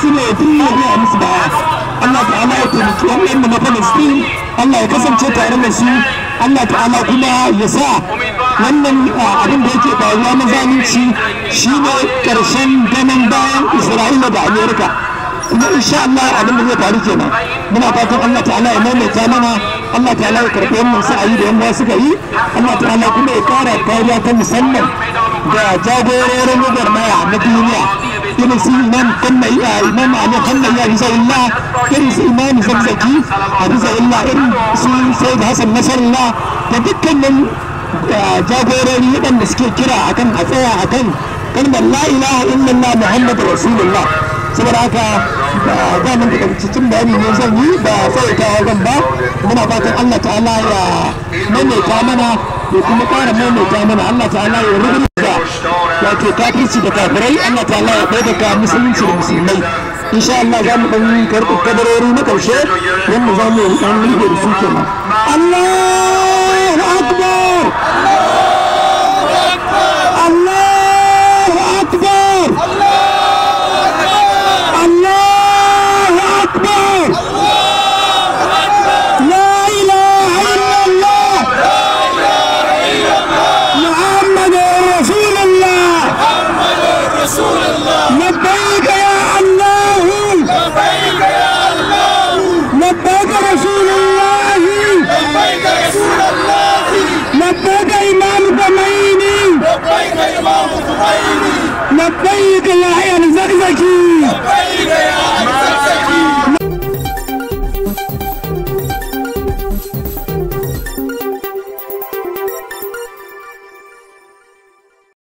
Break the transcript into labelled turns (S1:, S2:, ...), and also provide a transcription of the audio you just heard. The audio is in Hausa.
S1: shi ne ya biya musu baya Allah ta'ala ya taimaki wannan na Palestine Allah ya kasance tare da su Allah ta'ala kuma ya sa wannan ah, abin da yake faruwa na zalunci shine karshen ganin bayan Isra'ila da Amerika kuma insha Allah abin da zai faru kenan muna fatan Allah ta'ala ya maimaita mana Allah ta'ala ya karɓi wannan sa'ayi da yamma suka yi Allah ta'ala kuma ya kara kariya ta musamman ga jagororin gwagwarmaya na duniya irin su imam kanna imam ali kanna ya bisa illa irin su imam a bisa illa irin su sai da hasan nasarallah da dukkanin jagorori waɗanda suke kira kan a tsaya akan kalmar la ilaha illallah muhammad rasulullah saboda haka da mun da cikin bayani ne zan yi ba tsawaitawa zan ba muna fatan Allah ta'ala ya maimaita mana ya kuma fara maimaita mana Allah ta'ala ya rubuta wato kafirci da kafirai Allah ta'ala ya ɗaukaka musulunci da musulmai insha Allah za mu ɗan karɓi kadarori na ƙarshe don mu za mu yi ɗan rige da su kenan Allah
S2: رسول الله لبيك يا الله لبيك يا الله لبيك رسول الله لبيك رسول الله لبيك إمام خميني لبيك إمام خميني لبيك يا حي الزقزقي لبيك
S1: يا